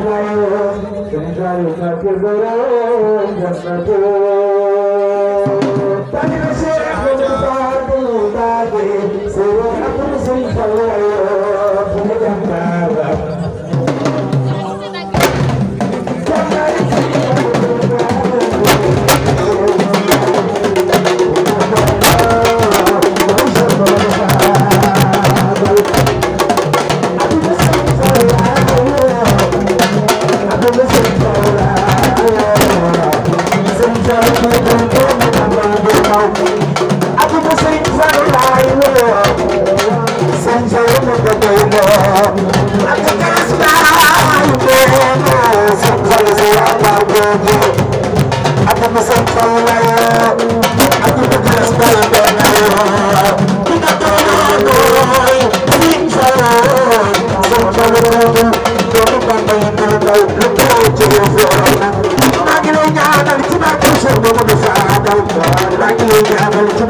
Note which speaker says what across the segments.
Speaker 1: I'm gonna go to the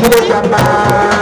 Speaker 2: Chineke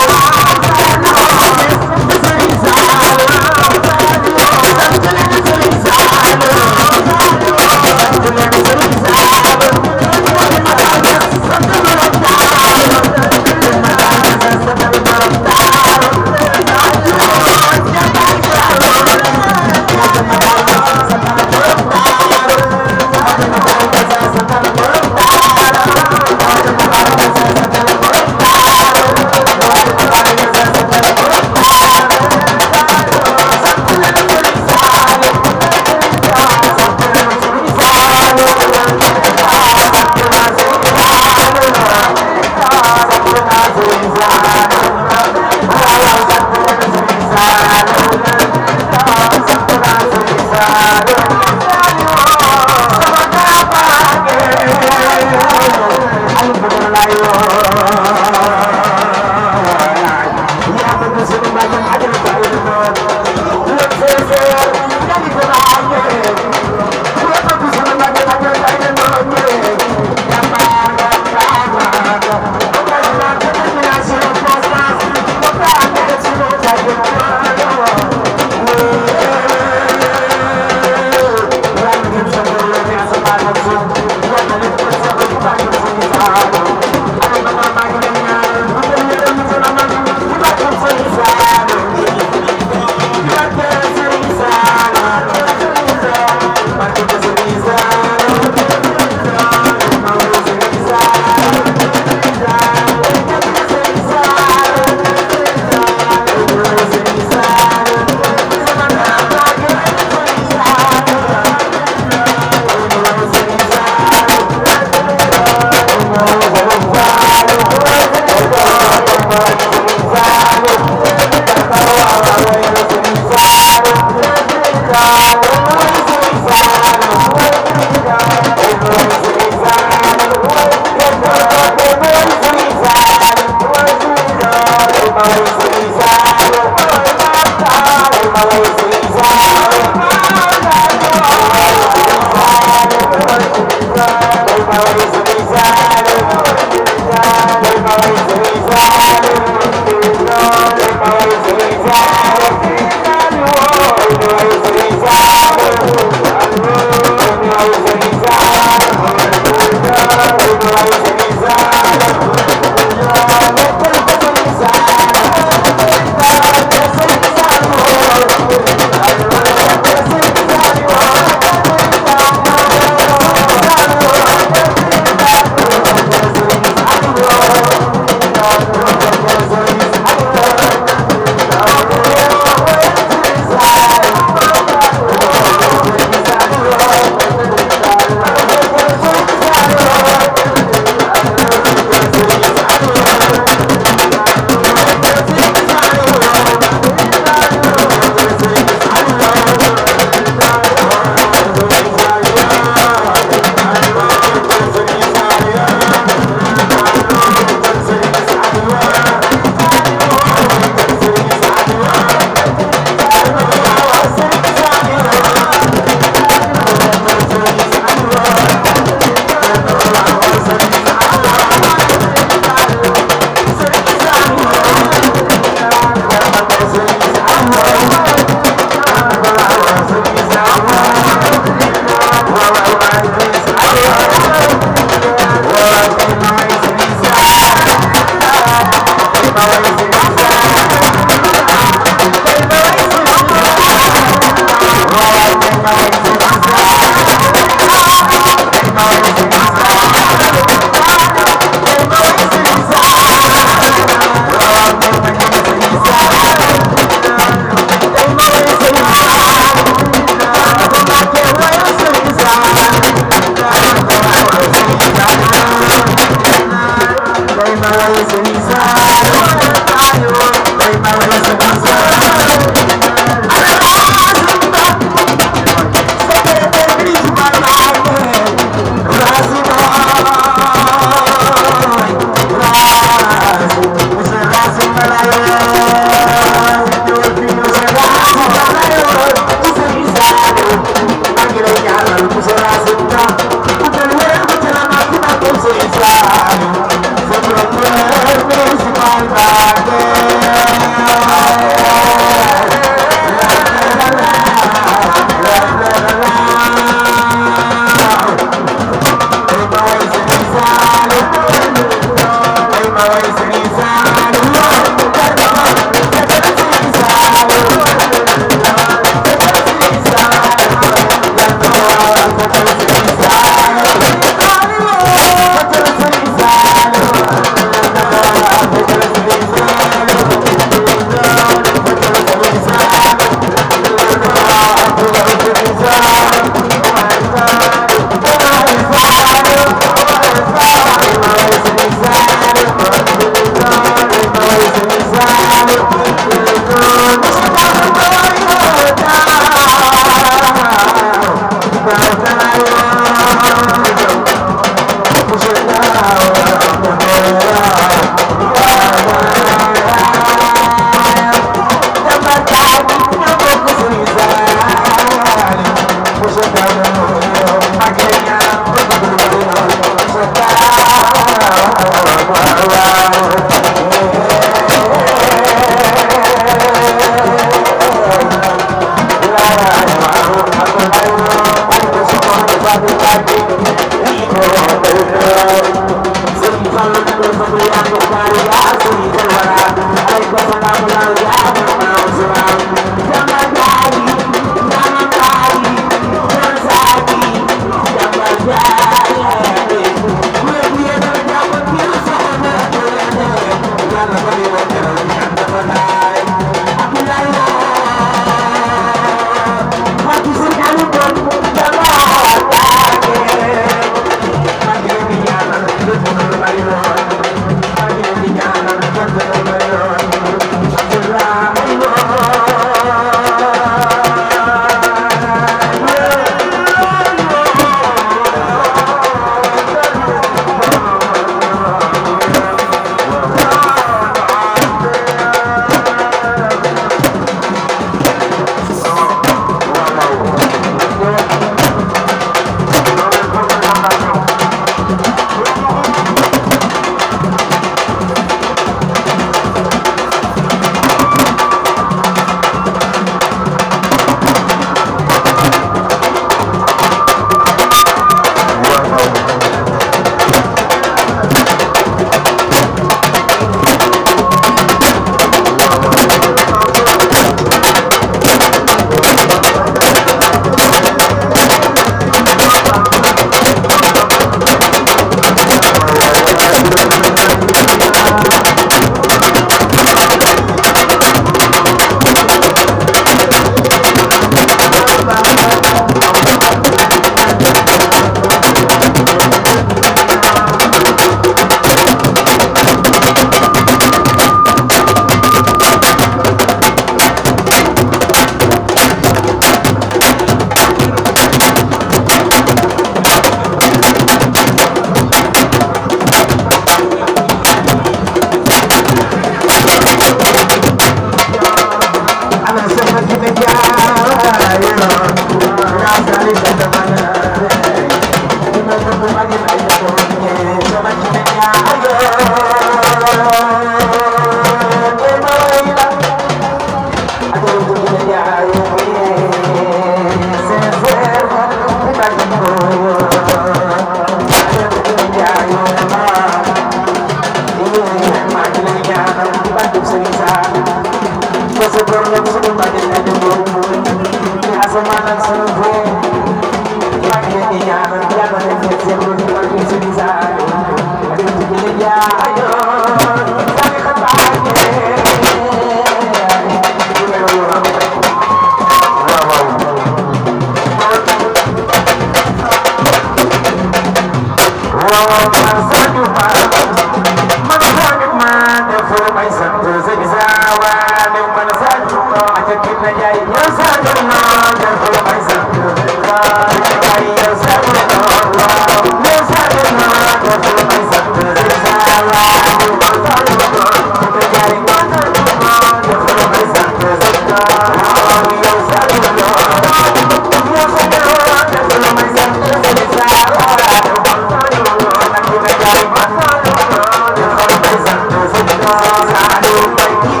Speaker 2: I'm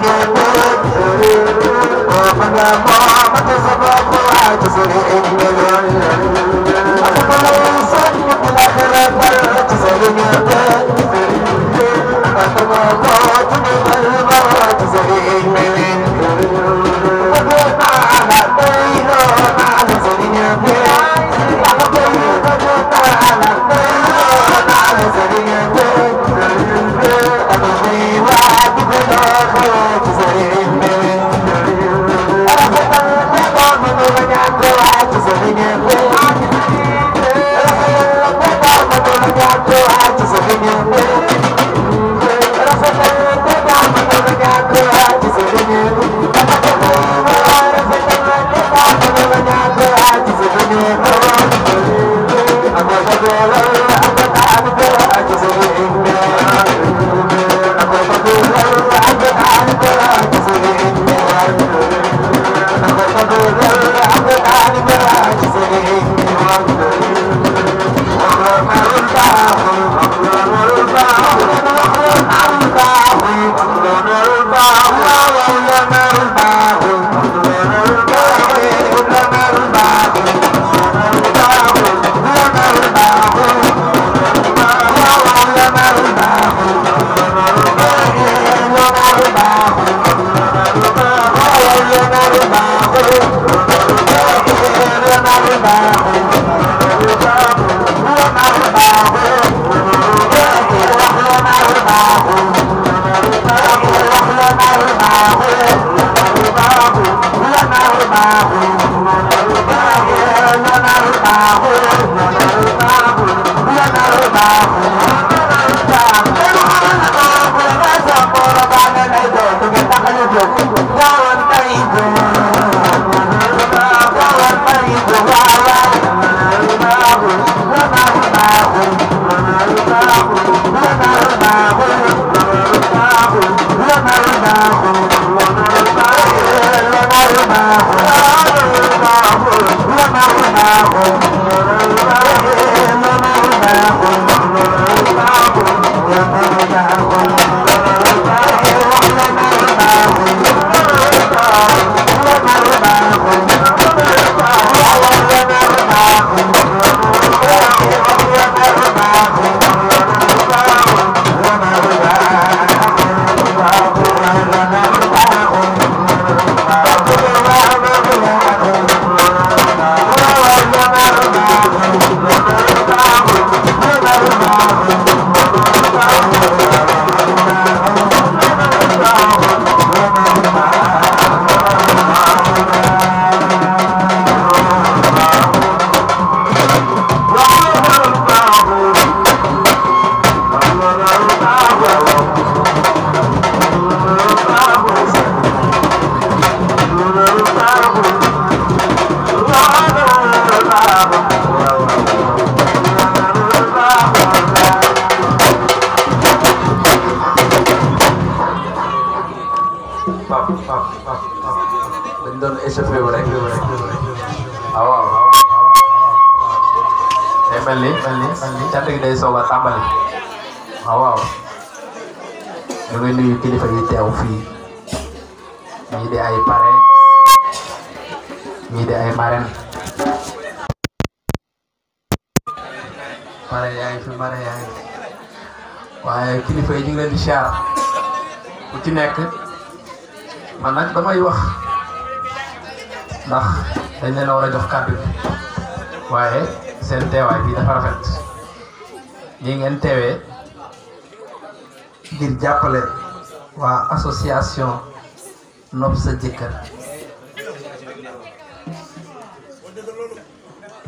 Speaker 3: Thank you.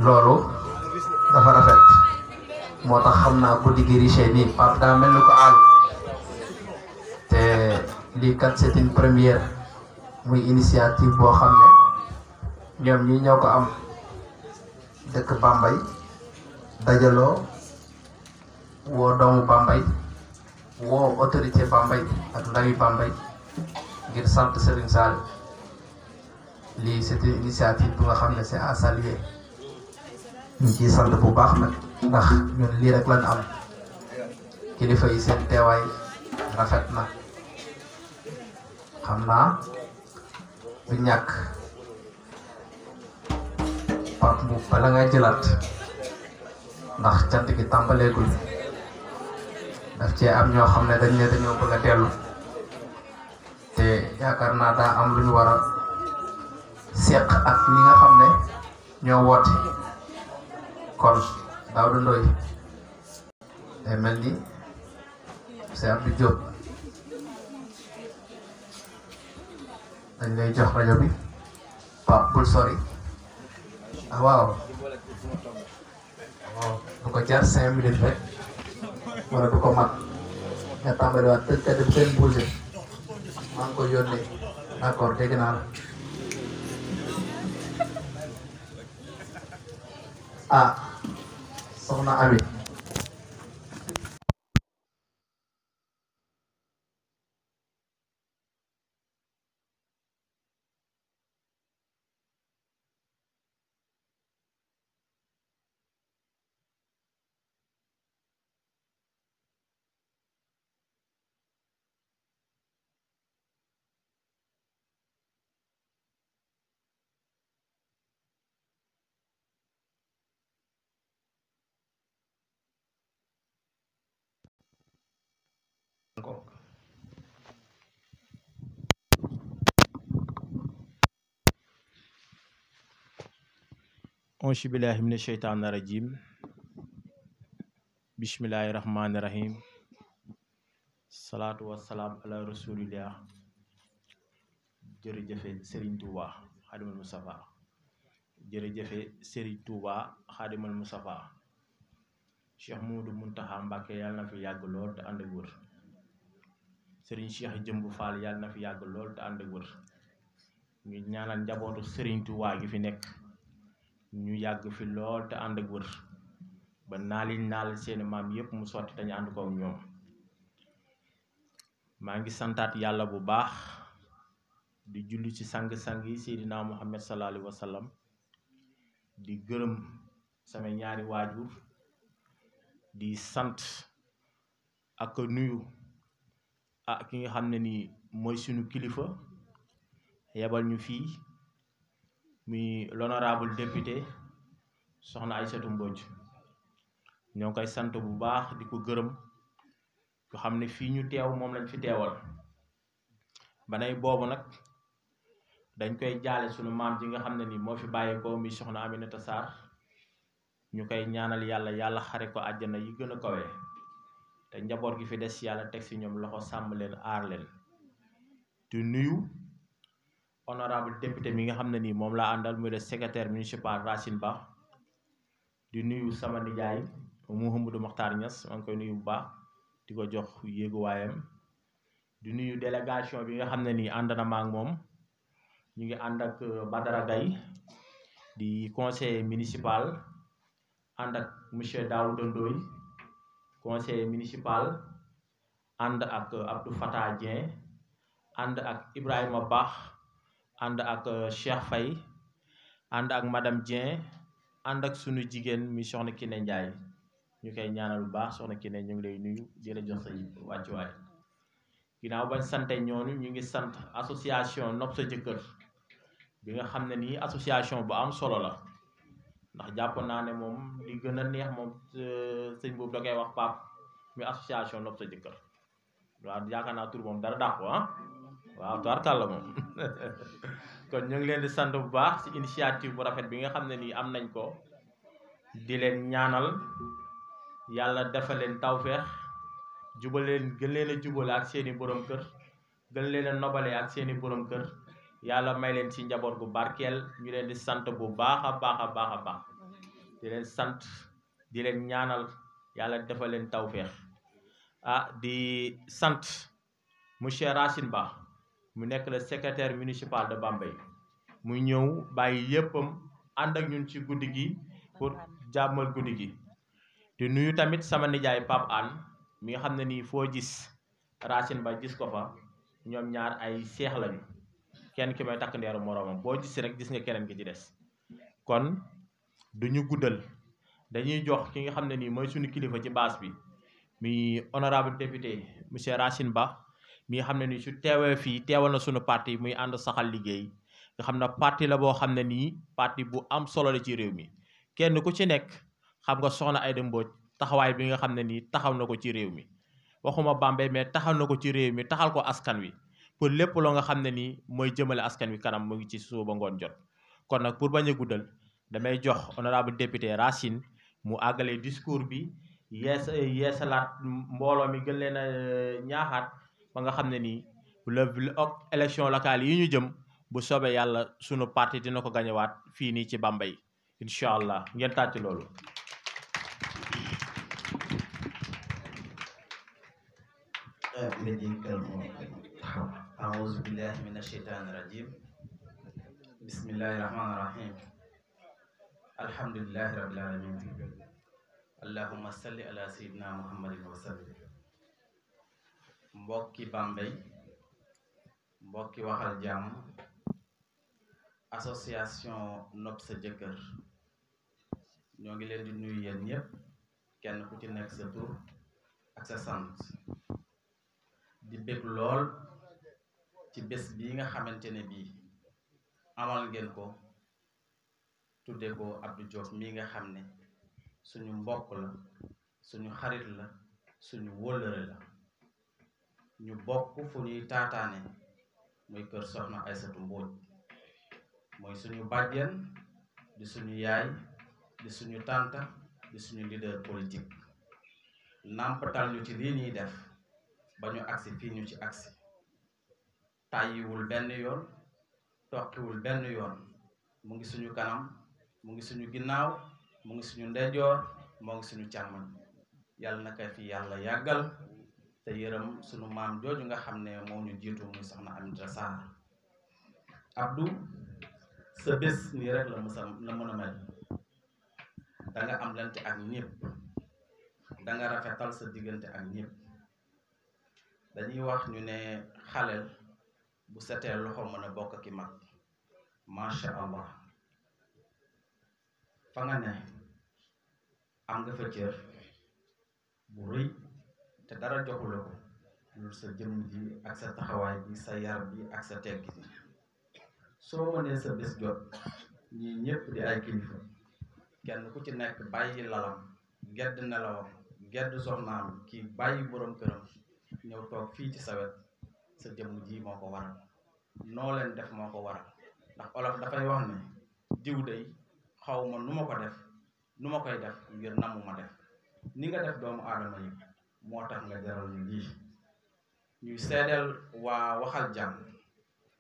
Speaker 1: lolu dafa rafet motax xamna ko digiri bu digg riche nii Pape mel ko al té li kat c'est une première muy initiative bo xamné ñom ñi ñoko am dekk bambay dajalo wo dom bambay wo autorité bambay ak ndawi bambay ngir sante Serigne Saliou lii c'est initiative bu nga xam ne si à ñu ciy sant bu baax nag ndax ñun lii rek lañ am kilifa yi seen teewaay rafet na xam naa du ñàkk Pape Mboup bala nga jëlaat ndax cant gi tàmbaleegul daf cee am ñoo xam ne dañ ne dañoo bëgg a dellu te yaakaar naa daa am lu ñu seq ak ñi nga xam ne ñoo woote kon Daouda Ndoye mel ni monsieur Abdou Diop dañ lay jox rajo bi waaw bul sori ah waaw waaw du ko jar cinq minutes rek wala du ko mat nga tàmbaliwaat tëj ka dem seen bouse maa ngi ko yónnee d'accord dégg naa la
Speaker 2: ah soxna Ami.
Speaker 3: ange billahi mina sheytaani rajim bismillahi rahmaani rahim salaatu wasalaam ala rasulillah jërëjëfe Serigne Touba xaadimal Mustafa jërëjëfe Serigne Touba xaadimal Mustafa Cheikh Moudou Mountakha Mbacké yàlla na fi yàgg lool te ànd ak wër Serigne Cheikh Jëmbu Fall yàlla na fi yàgg lool te ànd ak wër ñu ñaanal njabootu Serigne Touba gi fi nekk ñu yagg fi lool te and ak wër ba naali naal seen maam yépp mu sotti te ñu ko ak ñoom maa ngi santaat yàlla bu baax di julli ci sang-sang yi seydina muhammad sallallahu alayhi wa sallam di gërëm sama ñaari waajur di sant ak nuyu ak ki nga xam ne nii mooy sunu kilifa yebal ñu fii mi l'honorable député soxna Aïssatou Mbodj ñong koy sante bu baax di ko gërëm nga xam ne ñu teew mom lañ fi téwal banay bobu nak dañ koy jaalé sunu maam ji nga xam ni mo fi bayé ko mi soxna Aminata sar ñu koy ñaanal yalla yalla xaré ko aljana yi gëna kawé té njabor gi fi dess yalla tek ci ñom loxo sam leen ar leen di nuyu honorable député mi nga xamné ni mom la andal muy le secrétaire municipal Racine Ba di nuyu sama nijaay Mouhamadou Mokhtar Niass ma ngi koy nuyu bu baax di jox yegu wayam di nuyu délégation bi nga xamné ni andana ma ak mom ñu ngi and ak euh, Badara Gaye di conseiller municipal and ak monsieur Daoud Ndoy conseiller municipal and ak euh, Abdou Fatah Dieng ànd ak Ibrahima Bah anda ak euh, Cheikh fay ànd ak madame Anda ànd ak sunu Jigen mi soxna Kiné ndjay ñu koy ñaanal bu baax soxna Kiné ñu ngi lay nuyu di la jox sa wàccuwaay ginaaw bañ santé ñoonu ñu ngi sant association nopp sa jëkkër bi nga xam ni association bu am solo la ndax jappo naa ne moom li gëna neex mom euh, sëñ boobu da koy wax pap mi association nopp sa jëkkër naa tur dara dàqu ah waaw tubarkàlla moom kon ñu ngi leen di sant bu baax ci initiative bu rafet bi nga xam kan ne nii am nañ ko di leen ñaanal yàlla dafa leen tawfeex jubal leen gën leen a jubale ak seeni borom kër gën leen a nobale ak seeni borom kër yàlla may leen ci njaboot gu barkeel ñu leen di sant bu baax a baax a baax a baax di leen sant di leen ñaanal yàlla dafa leen tawfeex ah di sant monsieur Racine Ba mu nek le secrétaire municipal de Bambey mu ñëw bàyyi yépam and ak ñun ci guddigi pour jammal guddigi di nuyu tamit sama nijaay pap an mi nga xam ne gis Racine Ba gis ko fa ñom ñaar ay cheikh lañu kenn ki may tak ndeeru moroomam bo gis rek gis nga keneen ki ci dess kon duñu guddal dañuy jox ki nga xam ni moy suñu kilifa ci bi mi honorable député monsieur Racine Ba mi xam ne nii su teewee fii teewal na suñu parti muy ànd saxal liggéey nga xam ne parti la boo xam ne nii parti bu am solo la ci réew mi kenn ku ci nekk xam nga soxna ay Aïda Mbodj taxawaay bi nga xam ne nii taxaw na ko ci réew mi waxuma Bambey mais taxaw na ko ci réew mi taxal ko askan wi pour lépp loo nga xam ne nii mooy jëmale askan wi kanam mu ngi ci suba ngoon jot kon nag pour bañ a guddal damay jox honorable député Racine mu àggale discours bi yees yeesalaat mbooloo mi gën leen a euh, ñaaxaat ba nga xamne ni nii le élection locale yi ñu jëm bu sobe yàlla sunu parti dina ko gagné gañewaat fi ni ci bambay inshallah ngeen tatti lolu
Speaker 4: أعوذ بالله من الشيطان الرجيم بسم الله الرحمن الرحيم الحمد لله رب العالمين اللهم صل على سيدنا محمد وسلم mbokki Bambey mbokki waxal jàmm association nopp sa jëkkër ñoo ngi leen di nuyu yéen ñëpp kenn ku ci nekk sa tur ak sa sant di bég lool ci bés bii nga xamante ne bii amal ngeen ko tudde ko Abdou Diop mii nga xam ne suñu mbokk la suñu xarit la suñu wóllëre la ñu bokk fu ñuy taataane muy kër soxna Aysatu Mbooj moy suñu bàjjen di suñu yaay di suñu tante di suñu leader politique nàmpatal ñu ci def ba ñu aksi fi ñu ci aksi tayiwul benn yoon tokkiwul benn yoon mu ngi suñu kanam mu ngi suñu ginnaaw mu ngi suñu ndeyjoor moo ngi suñu càmmoñ yàlla na ko fi te yërëm sunu mam joju nga xamne mo ñu jitu muy saxna am Sarr Abdou sa bes ni rek la mësa la mëna a mel da nga am lante ak ñepp da nga rafetal sa digënté ak ñepp dañuy wax ñu né xalel bu sété ya loxo mëna bokk ki mag sha allah fa nga né am nga fa cër bu reuy te dara joxula ko loolu sa jëmm ji ak sa taxawaay bi sa yar bi ak sa tegg ji soo mënee sa bés jot ñii ñëpp di ay kilifa kenn ku ci nekk bàyyi lalam gedd nelawam gedd soxnaam kii bàyyi borom këram ñëw toog fii ci sa sa jëmm ji moo ko waral noo leen def moo ko waral ndax olof dafay wax ne diw day xaw nu ma ko def nu ma koy def ngir namu ma def ni nga def doomu aadama yi motax nga jaral ñu li ñuy sédel wa waxal jàmm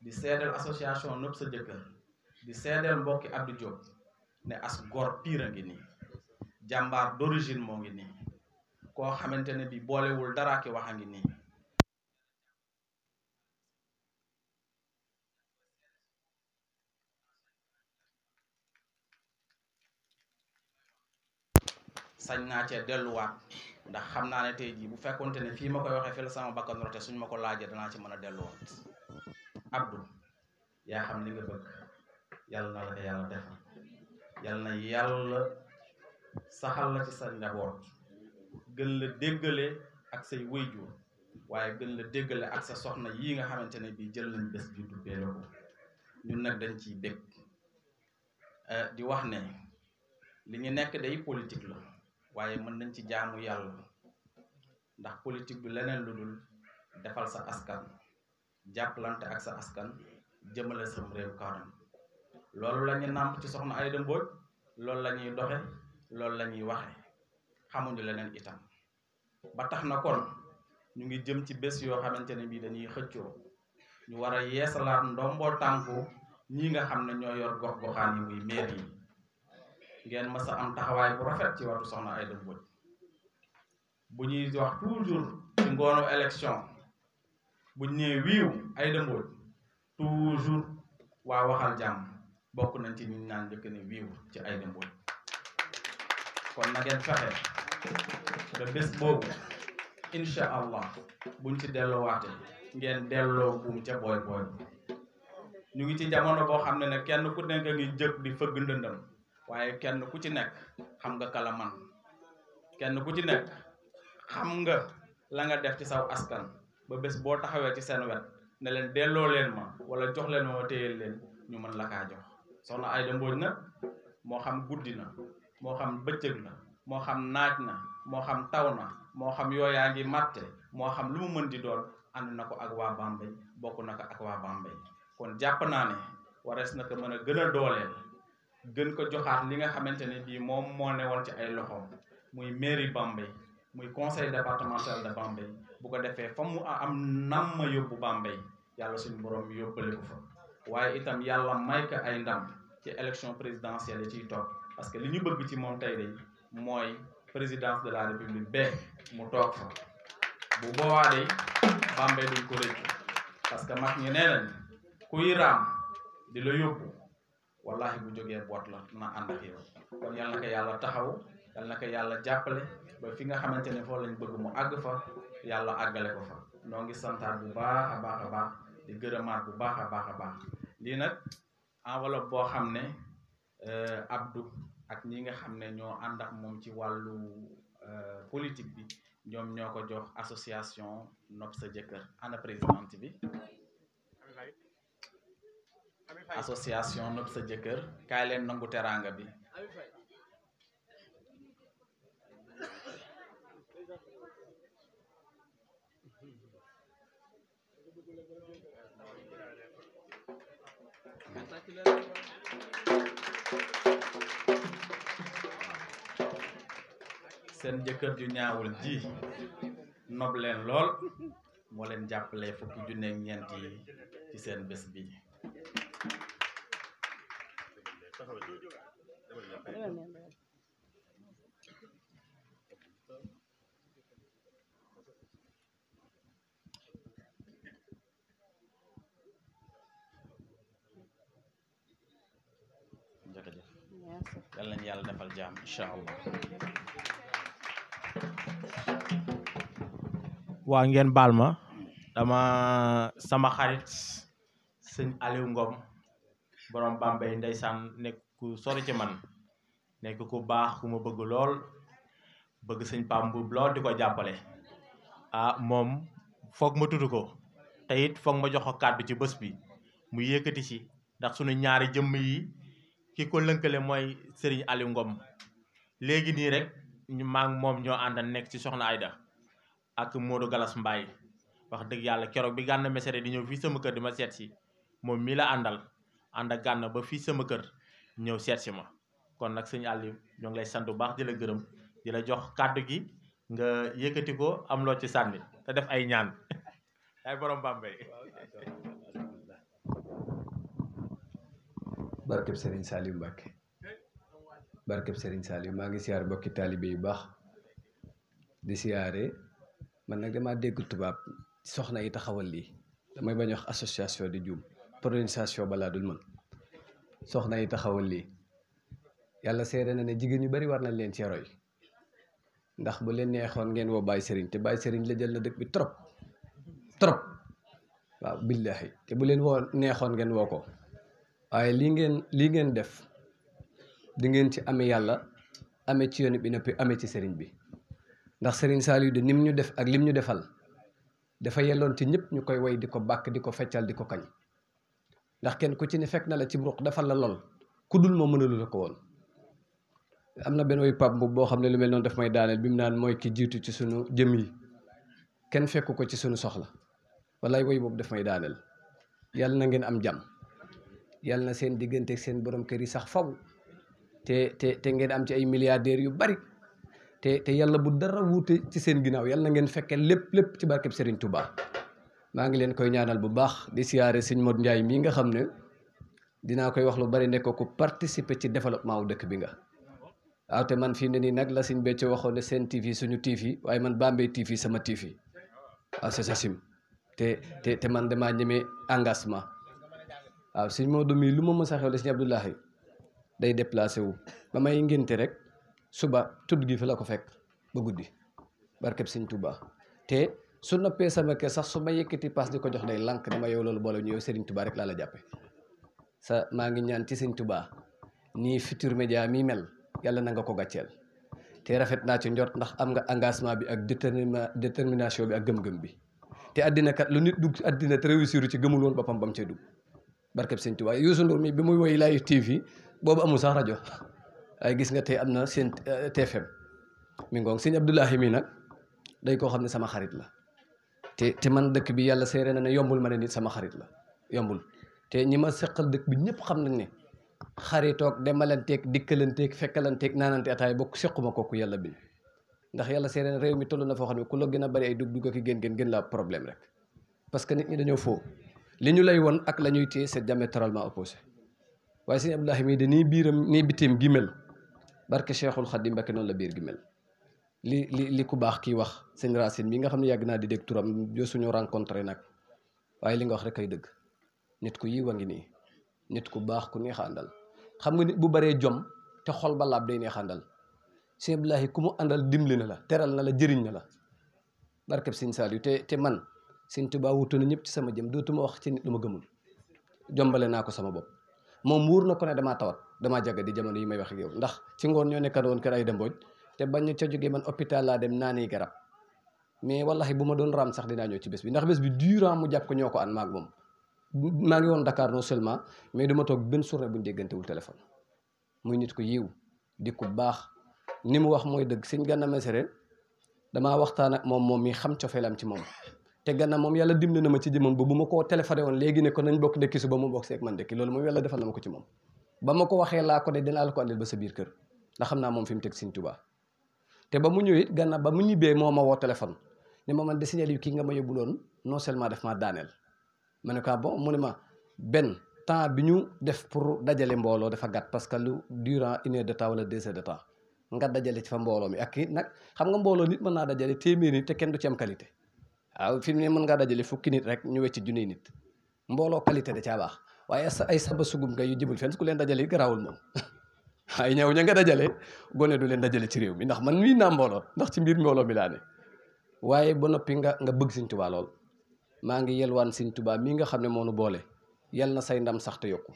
Speaker 4: di sédel association nopp sa jëkkër di sédel mbokki Abdou Diop ne as gor pire ngi ni jàmbaar d'origine moo ngi ni koo xamante ne bi boolewul dara ki wax ngi ni sañ naa delluwaat ndax xam naa ne tey jii bu fekkonte ne fii ma koy waxee fi la sama bakkan rote suñ ma ko laajee danaa ci mën a delluwaat Abdou yaa xam li nga bëgg yàlla na la ko yàlla defal yàlla na yàlla saxal la ci sa njaboot gën la déggale ak say wéyjur waaye gën la déggale ak sa soxna yii nga xamante ne bii jël nañ bés bi dubbee la ñun nag dañ ci bég eh, di wax ne li ñu nekk day politique la waye mën nañ ci jaamu yalla ndax politique bi leneen lu defal sa askan jappalante ak sa askan jëmele sa réew kaaram loolu lañu namp ci soxna dem Mbodj loolu lañuy doxé loolu lañuy waxé xamuñu leneen itam ba taxna kon ñu ngi jëm ci bés yo xamante bi dañuy xëccoo ñu wara ndombo tanku ñi nga xam ne yor gox goxani muy ngeen mës a am taxaway bu rafet ci waru soxna Aïda Mbodj bu ñuy wax toujours ci ngono election bu ñe wiw minan Aïda Mbodj toujours wa waxal jam bokku nañ ci ñu naan jëk ne wiw ci kon na ngeen fexe da bes bobu insha allah buñ ci waté ngeen delo bu ci boy boy. ñu ngi ci jamono bo xamne ne kenn ku nekk ngi jëk di fëgg ndëndam waaye kenn ku ci nekk xam kenn ku ci nekk xam nga la nga def ci saw askan ba bés boo taxawee ci seen wet ne leen delloo leen ma wala jox leen ma ma leen ñu mën la kaa jox soxna Aïda Mbodj nag moo xam guddi na moo xam bëccëg na moo xam naaj na moo xam taw na moo xam yooyaa ngi màtte moo xam lu mu mën di dool ànd na ko ak waa Bambey bokk na ko ak waa Bambey kon jàpp naa ne warees na ko mën a gën a dooleel gën ko joxaat li nga xamante ne bii moom moo newoon ci ay loxoom muy mairie Bambey muy conseil départemental de Bambey bu ko defee fa mu am nam ma yóbbu Bambey yàlla suñu borom yóbbale ko fa waaye itam yàlla may ko ay ndam ci élection présidentielle yi ciy topp parce que li ñu bëgg ci moom tey de mooy présidence de la république mu toog fa bu boowaa de Bambey duñ ko rëcc parce que mag ñu nee nañ kuy raam di la yóbbu wallahi bu jógee boot la na ànd ak kon yal na ko yàlla taxaw yal na ko yàlla jàppale ba fi nga xamante ne foofu lañ bëgg mu àgg fa yàlla àggale ko fa noo ngi santaat bu baax a baax a baax di gërëmaat bu baax a baax a baax lii nag enveloppe boo xam ne euh, Abdou ak ñi nga xam ne ñoo ànd ak moom ci wàllu euh, politique bi ñoom ñoo ko jox association nopp sa jëkkër ana présidente bi association nopp sa jëkkër kaay leen nangu teranga bi sen jëkkër ju ñaawul ji nob leen lool mo leen jappalé fukki junne ak ñeent yi ci sen bës bi Thank you. Iya, Wangian yal nañu defal
Speaker 3: ngeen sama xarit sëñ Aliou borom bambay ndaysan nek ku sori ci man nek ku bax kuma bëgg lool bëgg señ pam bu lool di jappalé ah mom fokk ma tuddu ko tayit fokk ma jox ko kàddu ci bëss bi mu yëkëti iya ci ndax sunu ñaari jëm yi ki ko lënkale moy señ ali Ngom légui ni rek ñu maa ngi moom ñoo ànda ci soxna Aida ak Modou Galas Mbaye wax deug yalla kérok bi gànn mesere di ñëw fi sama kër di ma sét si mom mi la andal anda gan ba fi sama kër ñew seet si ma kon nak sëñ ali ñu ngi lay sant bu baax di gëreum dila jox cadeau gi nga yëkëti ko am lo ci sanni ta def ay ñaan ay borom Bambey
Speaker 5: barkeb Serigne salim mbake barkeb Serigne salim ma ngi siar bokki talibé yu baax di siaré man nak dama dégg tubab soxna yi taxawal li damay bañ wax association di djoum prononciation balaa dul mën soxna yi taxawul lii yàlla seede na ne jigéen ñu bari war nañ leen ci roy ndax bu leen neexoon ngeen woo Baye Serigne te Baye Serigne la jël na trop trop waaw billahi te bu leen woo neexoon ngeen woo ko waaye lii ngeen lii ngeen def di ngeen ci amee yàlla amee ci yoon bi noppi amee ci sëriñ bi ndax Serigne Saliou de nim ñu def ak lim ñu defal dafa yelloon ci ñëpp ñu koy way di ko bàkk di ko feccal di ko kañ. ndax kenn ku ci ne fekk na la ci ruq dafa la lool ku dul moo mënalu la ko woon am na benn woy pap bu boo xam ne lu mel noonu def may daaneel bi mu naan mooy ki jiitu ci sunu jëm yi kenn fekku ko ci sunu soxla walaay woy boobu daf may daaneel yàlla na ngeen am jàmm yal na seen diggante seen borom kër yi sax faw te te te ngeen am ci ay milliardaires yu bari te te yàlla bu dara wuute ci seen ginaaw yàlla na ngeen fekkee lépp lépp ci barkeb Serigne Touba. maa ngi leen koy ñaanal bu baax di siyaare sëñ Modou Ndiaye mi nga xam ne dinaa koy wax lu bari ne ko ku participer ci développement wu dëkk bi nga waaw te man fi ne nii la sëñ Bécce waxoon ne seen TV suñu TV waaye man Bambey TV sama TV waaw c'est sim te te te man damaa ñemee engagement waaw sëñ Modou mi lu ma mës xew le sëñ Abdoulahi day déplacé wu ba may ngénte rek suba tudd gi fi la ko fekk ba guddi barkeb sëñ Touba te su noppee sama kër sax su ma yëkkati paas di jox day lank dama yow lolou boole ñew Serigne Touba rek la la jappé sa ma ngi ñaan ci Serigne Touba ni futur Médias mi mel yalla na nga ko gatchel té rafet na ci ndort ndax am nga engagement bi ak détermination bi ak gëm-gëm bi té adina kat lu nit dug adina té réussir ci gëmul won bopam bam ci dug barké Serigne Touba Ndour mi bi muy woy Live TV bobu amu sax radio ay gis nga té amna sen eh, TFM mi ngong Serigne Abdoulahi mi nak day ko xamné sama xarit la te te man dëkk bi yàlla seere na ne yombul ma ne nit sama xarit la yombul te ñi ma seqal dëkk bi ñëpp xam nañ ne xaritoog demalanteeg dikkalanteeg fekkalanteeg naanante ataay bokk sequma kooku yàlla bi ndax yàlla seere na réew mi toll na foo xam ne ku la gën a bari ay dug dugg ki gën gën gën problème rek parce que nit ñi dañoo foo li ñu lay won ak la ñuy téye c'est diamétralement opposé waaye sëñ Abdoulahi mii de nii biiram nii biteem gi mel barke Cheikhul Khadim Mbacké noonu la biir gi mel li li li ku baax ki wax sëñ Racine bi nga xamni ne di dégg turam yoo suñu rencontrer nak waye li nga wax rek ay deug nit ku yiw a nit ku baax ku xam nga bu bare jom te xol ba lab day neex a àndal sëñ Abdoulahi ku na la teral na la jëriñ na la barkeb te te man seigne touba wutu na ñep ci sama jëm dootuma wax ci nit lu gëmul jombalé na ko sama bop mom wóor na ko ne dama tawat dama jaga di jamono yi may wax ak yow ndax ci ngoon ñoo won kër ay demboj te bañ ñu ca jógee man hôpital laa dem naani garab mais wallahi bu ma doon raam sax dinaa ñëw ci bes bi ndax bés bi durant mu jàpp ko ñoo ko an maag moom maa ngi woon Dakar non seulement mais dama toog benn journée bu ñu déggantewul téléphone muy nit ku yiw di ku baax ni mu wax mooy dëgg sëñ Gana na ma ci jëmam ba bu ma koo téléphoné woon léegi ne ko nañ bokk dëkki su ba mu bokk seeg man dëkki loolu moom yàlla defal na ma ko ci moom ba ma ko waxee laa ko de dinaa la ko andil ba sa biir kër ndax xam naa moom fi mu teg sëñ Tuubaa te ba mu ñëwit ganna ba mu ñibé moma wo téléphone ni ma man dé signal ki nga ma yóbbu non seulement def ma danel mané ko ah bon mu ma ben temps bi def pour dajalé mbolo dafa gat parce que lu durant une heure de temps wala deux heures de temps nga dajale ci fa mbolo mi ak nak xam nga mbolo nit mëna dajalé dajale nit te kenn du ci am qualité aw fi mu mën dajale fukki nit rek ñu wecc juné nit mbolo qualité da ca baax waye ay saba sugum nga yu jibul fenn ku leen dajalé grawul mom ay ñaw ña nga dajale gone du leen dajale ci réew mi ndax man mii naa mbooloo ndax ci mbir mbooloo bi laa ne waaye ba noppi nga nga bëgg sëñ tubaa lool maa ngi yelwaan sëñ tubaa mii nga xam ne moo nu boole yal na say ndam sax te yokku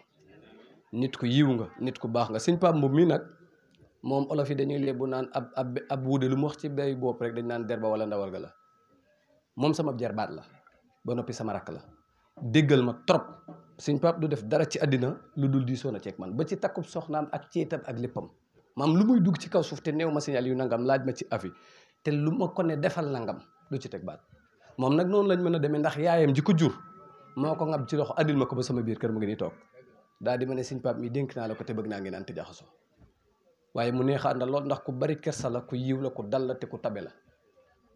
Speaker 5: nit ku yiw nga nit ku baax nga sëñ paam mbub olof yi dañuy lebu naan ab ab ab lu wax ci bay rek dañ naan derba wala ndawal ga la sama jarbaat la ba noppi sama rakk la déggal ma trop suñ pap du def dara ci àddina lu dul diisoo a ceeg man ba ci takkub soxnaam ak ceetam ak léppam maam lu muy dugg ci kaw suuf te néew ma signal yu nangam laaj ma ci afi te lu ma ko ne defal nangam lu ci teg baat moom nag noonu lañ mën a demee ndax yaayam ji ko jur moo ko ngab ci loxo addil ma ko ba sama biir kër mu ngi nii toog daal di ma ne suñ pap mi dénk naa la ko te bëgg naa ngi ànd te waaye mu neexaan na lool ndax ku bari kersa la ku yiw la ku dal la te ku tabe la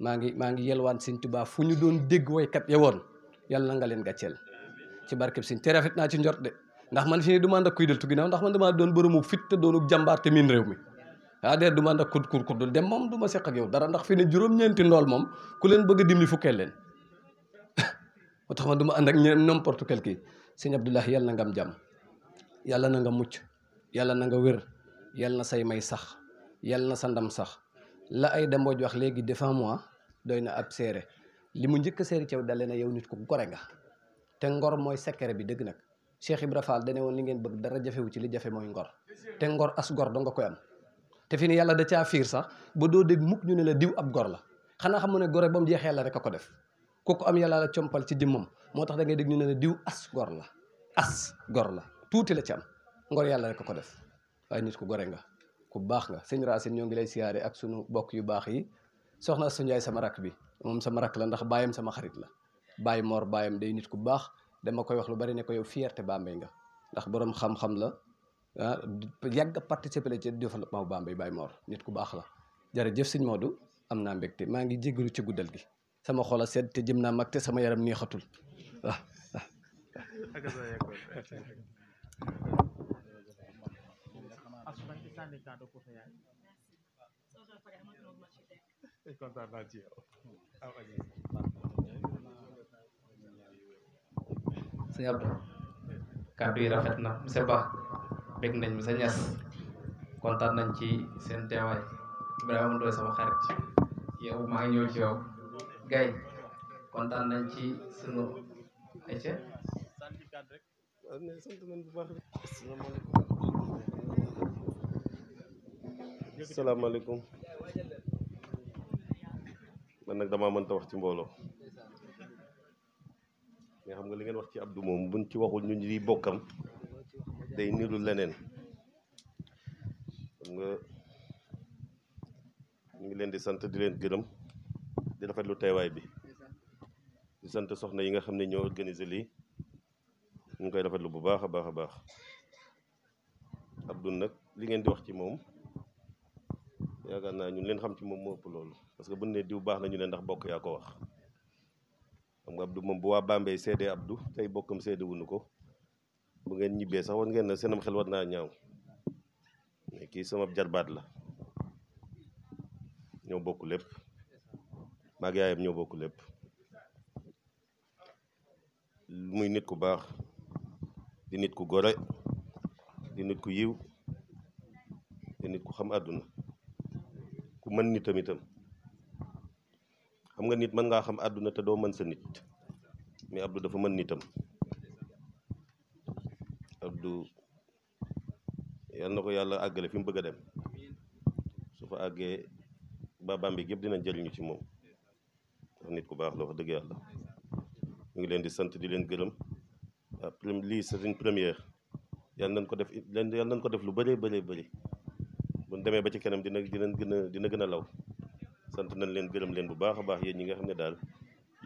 Speaker 5: maa ngi maa ngi yelwaan Sëñ Tuubaa fu ñu doon dégg kat yewoon yàlla nga leen gàcceel ci barkeb sintera te rafet ci njort de ndax man fi du manda kuy tu ginnaaw ndax man damaa doon bërëmu fit te doonu jàmbaar te miin réew mi ah du manda ànd ak kur kur dem mom duma ma ak yow dara ndax fi ne juróom-ñeenti ndool moom ku leen bëgg dimli dimbali fukkee leen motax man duma and ak n'importe quel seigne abdullah yalla nga jam yalla nga mucc yalla nga wër yalla say may sax yalla sa ndam sax la ay dembo wax léegi defa moi doyna ab séré limu ñëk séré ci yow dalena yow nit ku gore nga te ngor mooy secret bi dëgg nag Cheikh Ibra Fall dane woon li ngeen bëgg dara jafewu ci li jafe mooy ngor te ngor as gor da nga koy am te fi yàlla da caa fiir sax ba doo dégg mukk ñu ne la diw ab gor la xanaa xam ne gore ba jeexee la rek a ko def kooku am yàlla la compal ci jëmmam moo tax da ngay ñu ne la diw as gor la as gor la tuuti la ci am ngor yàlla rek a ko def waaye nit ku gore nga ku baax nga sëñ Racine ñoo ngi lay siyaare ak sunu bokk yu baax yi soxna Astu Njaay sama rakk bi moom sama rakk la ndax bàyyam sama xarit la bay Mor bayam day nit ku bax dama koy wax lu bari ne ko yow fierté Bambey nga ndax borom xam-xam la ah participer ci développement bu bay Mor nit ku bax la jeuf seigne Modou amna mbekté ma ngi jéggelu ci guddal gi sama xol a te jimna mak te sama yaram neexatul waaw.
Speaker 2: kontaan naa ci yow
Speaker 1: sëñ Abdou kàddu yi rafet na monsieur Ba bég nañ monsieur Niass kontaan nañ ci seen teewaay Ibrahima Ndoye sama xarit yow maa ngi ñëw ci yow gay nañ ci sunu ay ca
Speaker 2: salaamaaleykum man nag damaa mënta wax ci mbooloo mais xam nga li ngeen wax ci Abdou mom buñ ci waxul ñun ñi bokkam day nilu leneen xam nga ñu ngi leen di sant di leen gërëm di rafetlu teewaay bi di sant soxna yi nga xam ne ñoo organiser lii ñu ngi koy rafetlu bu baax a baax a baax Abdou nag li ngeen di wax ci moom yaakaar naa ñun leen xam ci moom moo ëpp loolu parce que buñ ne diw baax na ñu ne ndax bokk yaa ko wax xam nga moom bu waa Bambey seede Abdou tey bokkam seede wuñu ko bu ngeen ñibbee sax war ngeen na seenam xel war naa ñaaw mais kii sama jarbaat la ñoo bokk lépp maag yaayam ñoo bokk lépp muy nit ku baax di nit ku gore di nit ku yiw di nit ku xam àdduna ku mën nitamitam xam nga nit man nga xam aduna te do man sa nit mais Abdou dafa man nitam Abdou yal na ko yàlla àggale fi a dem su fa àggee baabaam bi yëpp dinañ jëriñu ci mom wax nit ku bax la wax deug yalla ñu ngi leen di sante di leen gëreum ah, prim li c'est une première yal nañ ko def yalla nañ ko def lu bëree bëree bëri bu ñu ba ci kanam dina dina gëna dina gëna law sant nañ leen gërëm leen bu baax baax yeen ñi nga xamne ne daal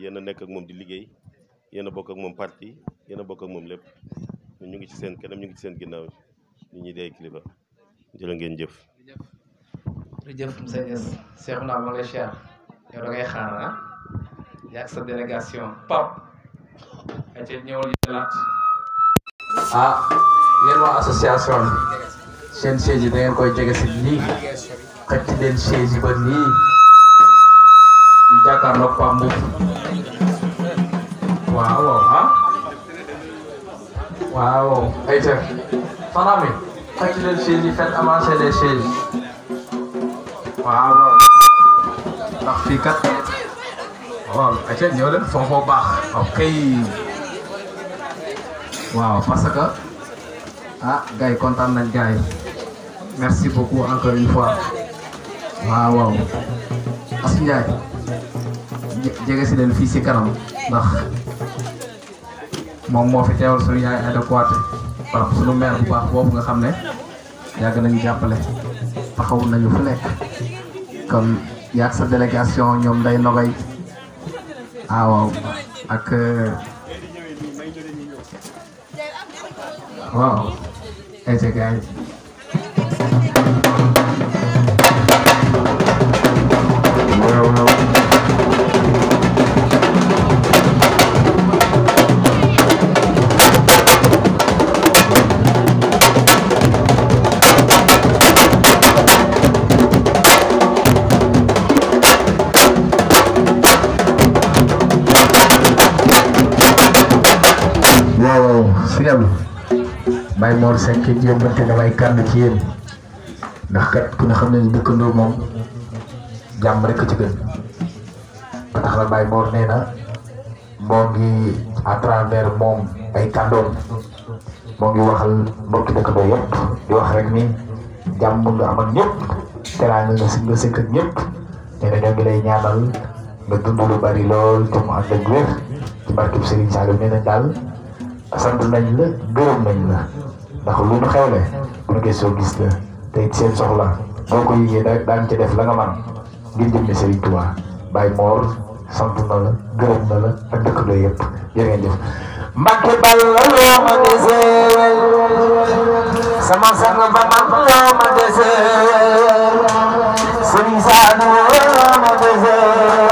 Speaker 2: yéen a nekk ak mom di liggéey yeen a ak mom parti yeen a bokk ak mom lepp ñu ngi ci seen kanam ñu ngi ci seen ginnaw ñi ñi day kliba jërë ngeen jëf. jëf
Speaker 1: sëñ Cheikh na ma lay Cheikh yow da ngay xaar ah yaa sa délégation ci ayca ñëwal jëlaat. ah yeen wa association seen siège da ngeen koy jege si nii xëcc leen siège yi ba Mbuur waaw ca soxna mi fekk leen chaise yi fekk avancé les chaises waaw ndax fii kat waaw ay ca ñëw waaw parce que ah gars kontaan nañ gars yi merci beaucoup encore une fois waaw waaw Asou jege si leen fii si kanam ndax moom moo fi teewal suñu yaay Aïda Kouyaté wala suñu bu baax boobu nga xam ne yàgg nañu jàppale taxawu nañu fu nekk kon yaag sa délégation ñoom day nogay ah waaw ak waaw ay Fidel Baye Mor Seck yóbbante na may kàddu kan ci yéen ndax kat ku ne xam ne dëkkandoo moom jàmm rek ci gën tax na Baye Mor nee na moo ngi à travers moom ay kàddoom moo ngi waxal mbokki dëkkandoo yëpp di wax rek ni jàmm nga am ak ñëpp teraanga nga si nga sëkk ak ñëpp nee na ngi lay ñaanal nga dund lu bari lool te mu ànd ak wér ci barkeb Serigne sant nañ la gërëm nañ la ndax lu ñu xewle bu ñu koy soo gis te it seen soxla boo ko yëgee da daan ci def la nga man ngir jëmmi Serigne Touba Baye Mor sant na la gërëm na la ak dëkk yëpp jërë ngeen jëf bal la loo ma deseel sama sang ba man ma deseel Serigne Sadou loo ma deseel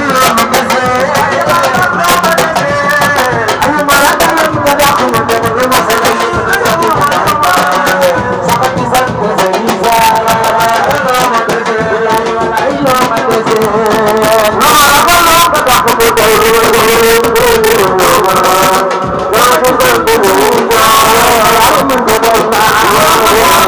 Speaker 2: Yeah.